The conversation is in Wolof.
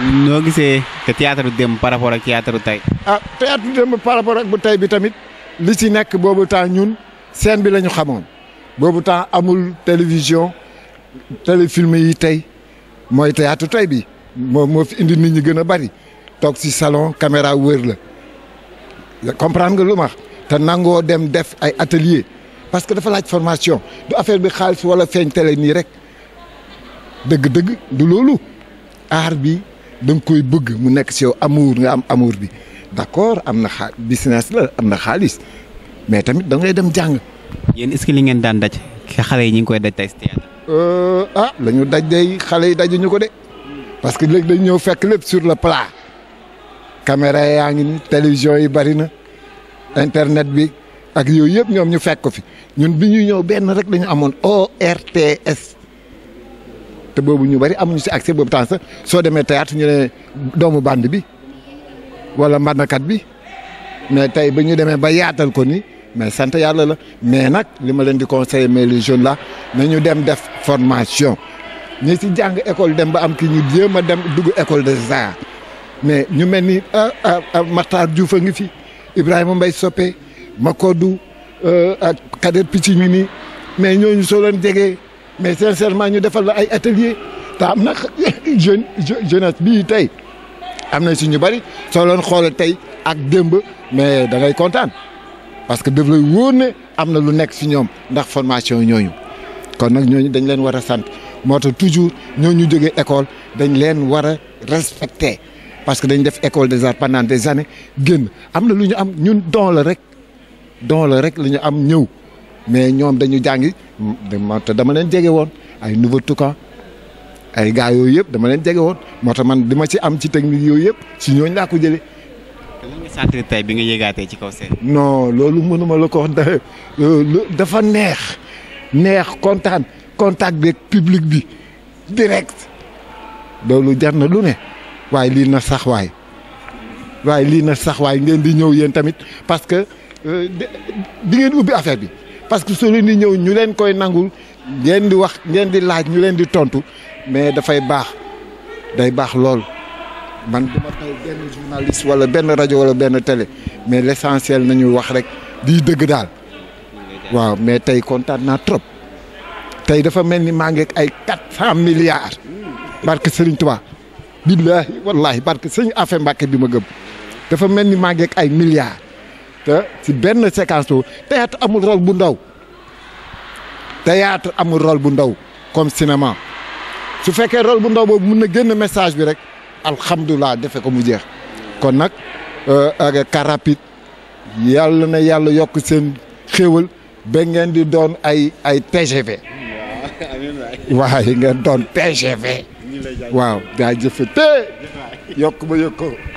noo gisee te théâtre démb par rapport ak théâtre tey. ah théâtre démb par rapport ak bu tey bi tamit li si nekk boobu temps ñun scène bi la ñu xamoon boobu temps amul télévision téléfilm yi tey mooy théâtre tey bi moom moo fi indi nit ñi gën a bari toog ci salon caméra wër la comprendre nga lu ma te nangoo dem def ay atelier parce que dafa laaj formation du affaire bi xaalis walla feeñ télé nii rek dëgg-dëgg du loolu aar bi. da nga koy bëgg mu nekk ci yow amour nga am amuur bi d'accord am na xaa business la am na xaalis mais tamit dangay dem jàng. yéen est li ngeen daan daj xale yi ñu ngi koy daj tey ci théâtre. Euh, ah la ñu daj day xale yi dajuñu ko de parce que léegi dañ ñëw fekk lépp sur le plat caméra yaa ngi ni télévision yi bari na internet bi ak yooyu yëpp ñoom ñu fekk ko fi ñun bi ñuy ñëw benn rek dañu amoon ORTS. te boobu ñu bari amuñu si accès boobu temps sax soo demee théâtre ñu ne doomu band bi wala mbandakat bi mais tey ba ñu demee ba yaatal ko ni mais sant yàlla la mais nag li ma leen di conseiller mais les jeunes là ñu dem def formation ñi si jàng école dem ba am ki ñu jéem a dem dugg école des arts mais ñu mel ni ah, ah, ah, Matar Diouf a ngi fi Ibrahima mbay soppe Makodou euh, ak Kader Picc ñu nii mais ñooñu soo leen jegee mais sincèrement, nous devons faire des ateliers. Nous avons des jeunes qui ont fait des ateliers. Nous devons faire des ateliers. Mais nous sommes contents. Parce que nous devons faire des ateliers. Nous devons fait des formations. Donc nous devons fait des ateliers. Toujours, nous avons fait des écoles. Nous devons fait des respecter. Parce que nous devons faire des écoles des arts pendant des années. Nous devons faire des ateliers. Nous avons fait des ateliers. Nous avons fait des ateliers. mais ñoom dañu jàngi moo tax dama leen jege woon ay nouveau toucan ay gars yooyu yëpp dama leen jege woon moo tax man li ma ci am ci technique yooyu yëpp si ñooñu laa ko jëlee. lan nga sentir tey bi nga yëgaatee ci kaw seen. non loolu mënuma la ko wax euh, dafa neex neex kontaan contact beeg public bi direct loolu jar na lu ne waaye lii na sax waay waaye lii na sax waay ngeen di ñëw yéen tamit parce que euh, di ngeen ubbi affaire bi. parce que solo ni ñew ñu leen koy nangul ngeen di wax ngeen di laaj ñu leen di tontu mais fay bax day bax lool man duma tay ben journaliste wala ben radio, wala ben télé mais l'essentiel nañu wax rek di deug dal waaw mais tay contane na trop tay dafa melni ma maa ay 400 milliards barke Serigne Touba billahi wallahi barke Serigne afé Mbacké bima gëm dafa melni ma maa ay milliards te ci benn séquence boobu théâtre amul rôle bu ndaw teyaat amul rol bu ndaw comme cinéma su fekkee rôle bu ndaw boobu mun na génn message bi rek alhamdulilah defe ko mu jeex kon nag euh, ak car rapide na yàlla yokk seen xéewal ba ngeen di doon ay ay TGV waaye ngeen doon TGV waaw daa jëfe te yokk ba yëg